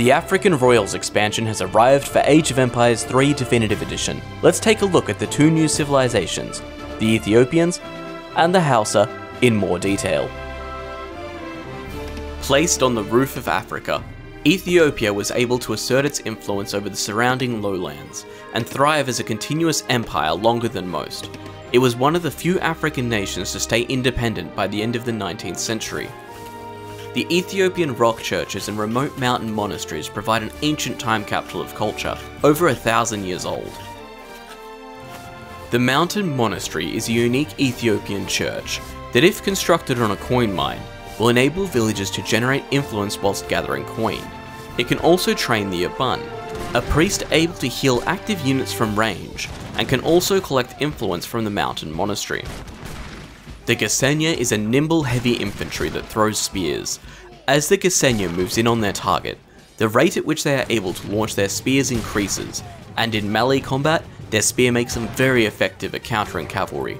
The African Royals expansion has arrived for Age of Empires 3 Definitive Edition. Let's take a look at the two new civilizations, the Ethiopians and the Hausa, in more detail. Placed on the roof of Africa, Ethiopia was able to assert its influence over the surrounding lowlands and thrive as a continuous empire longer than most. It was one of the few African nations to stay independent by the end of the 19th century, the Ethiopian rock churches and remote mountain monasteries provide an ancient time capsule of culture, over a thousand years old. The mountain monastery is a unique Ethiopian church that if constructed on a coin mine, will enable villagers to generate influence whilst gathering coin. It can also train the Abun, a priest able to heal active units from range, and can also collect influence from the mountain monastery. The Gasenya is a nimble heavy infantry that throws spears. As the Gasenya moves in on their target, the rate at which they are able to launch their spears increases, and in melee combat, their spear makes them very effective at countering cavalry.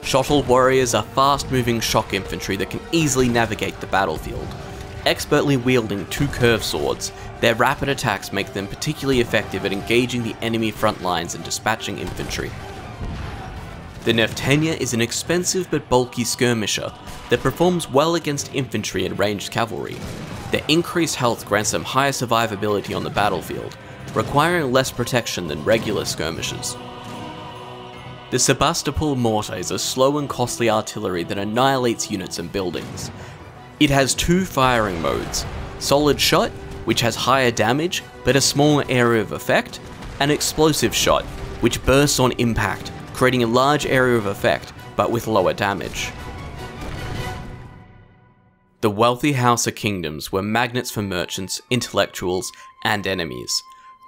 Shottle warriors are fast-moving shock infantry that can easily navigate the battlefield. Expertly wielding two curved swords, their rapid attacks make them particularly effective at engaging the enemy front lines and dispatching infantry. The Neftenia is an expensive but bulky skirmisher that performs well against infantry and ranged cavalry. Their increased health grants them higher survivability on the battlefield, requiring less protection than regular skirmishers. The Sebastopol Mortar is a slow and costly artillery that annihilates units and buildings. It has two firing modes, solid shot, which has higher damage but a smaller area of effect, and explosive shot, which bursts on impact creating a large area of effect, but with lower damage. The wealthy Hausa kingdoms were magnets for merchants, intellectuals, and enemies.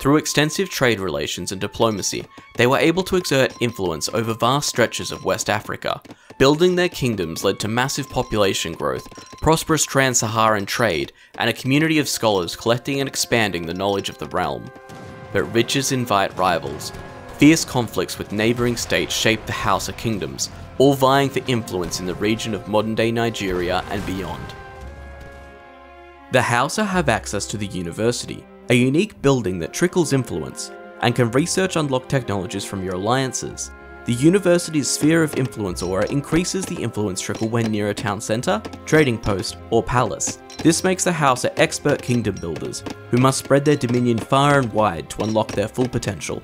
Through extensive trade relations and diplomacy, they were able to exert influence over vast stretches of West Africa. Building their kingdoms led to massive population growth, prosperous trans-Saharan trade, and a community of scholars collecting and expanding the knowledge of the realm. But riches invite rivals, Fierce conflicts with neighbouring states shaped the Hausa kingdoms, all vying for influence in the region of modern-day Nigeria and beyond. The Hausa have access to the university, a unique building that trickles influence, and can research unlock technologies from your alliances. The university's sphere of influence aura increases the influence trickle when near a town centre, trading post, or palace. This makes the Hausa expert kingdom builders, who must spread their dominion far and wide to unlock their full potential.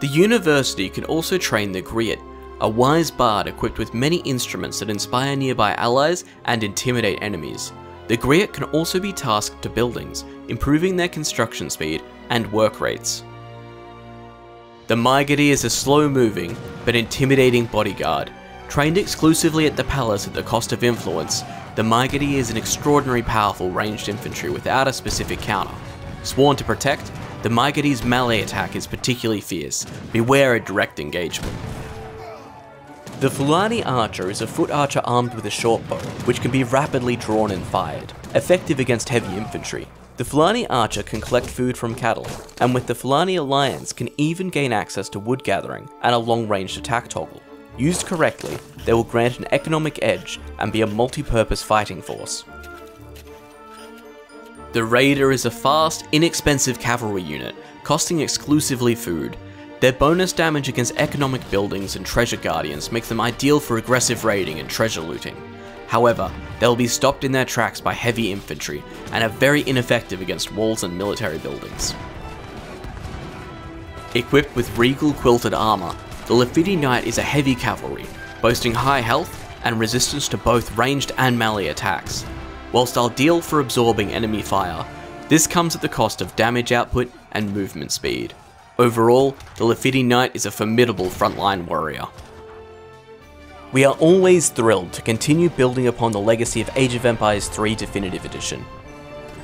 The university can also train the Griot, a wise bard equipped with many instruments that inspire nearby allies and intimidate enemies. The Griot can also be tasked to buildings, improving their construction speed and work rates. The Maigadi is a slow-moving, but intimidating bodyguard. Trained exclusively at the palace at the cost of influence, the Maigadi is an extraordinarily powerful ranged infantry without a specific counter. Sworn to protect, the Mygadi's melee attack is particularly fierce, beware a direct engagement. The Fulani Archer is a foot archer armed with a short bow, which can be rapidly drawn and fired, effective against heavy infantry. The Fulani Archer can collect food from cattle, and with the Fulani Alliance can even gain access to wood gathering and a long-range attack toggle. Used correctly, they will grant an economic edge and be a multi-purpose fighting force. The Raider is a fast, inexpensive cavalry unit, costing exclusively food. Their bonus damage against economic buildings and treasure guardians make them ideal for aggressive raiding and treasure looting. However, they'll be stopped in their tracks by heavy infantry, and are very ineffective against walls and military buildings. Equipped with regal quilted armour, the Lafidi Knight is a heavy cavalry, boasting high health and resistance to both ranged and melee attacks whilst I'll deal for absorbing enemy fire. This comes at the cost of damage output and movement speed. Overall, the Lafidi Knight is a formidable frontline warrior. We are always thrilled to continue building upon the legacy of Age of Empires 3 Definitive Edition.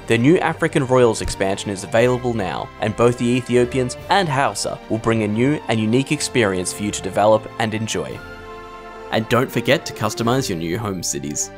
The new African Royals expansion is available now, and both the Ethiopians and Hausa will bring a new and unique experience for you to develop and enjoy. And don't forget to customize your new home cities.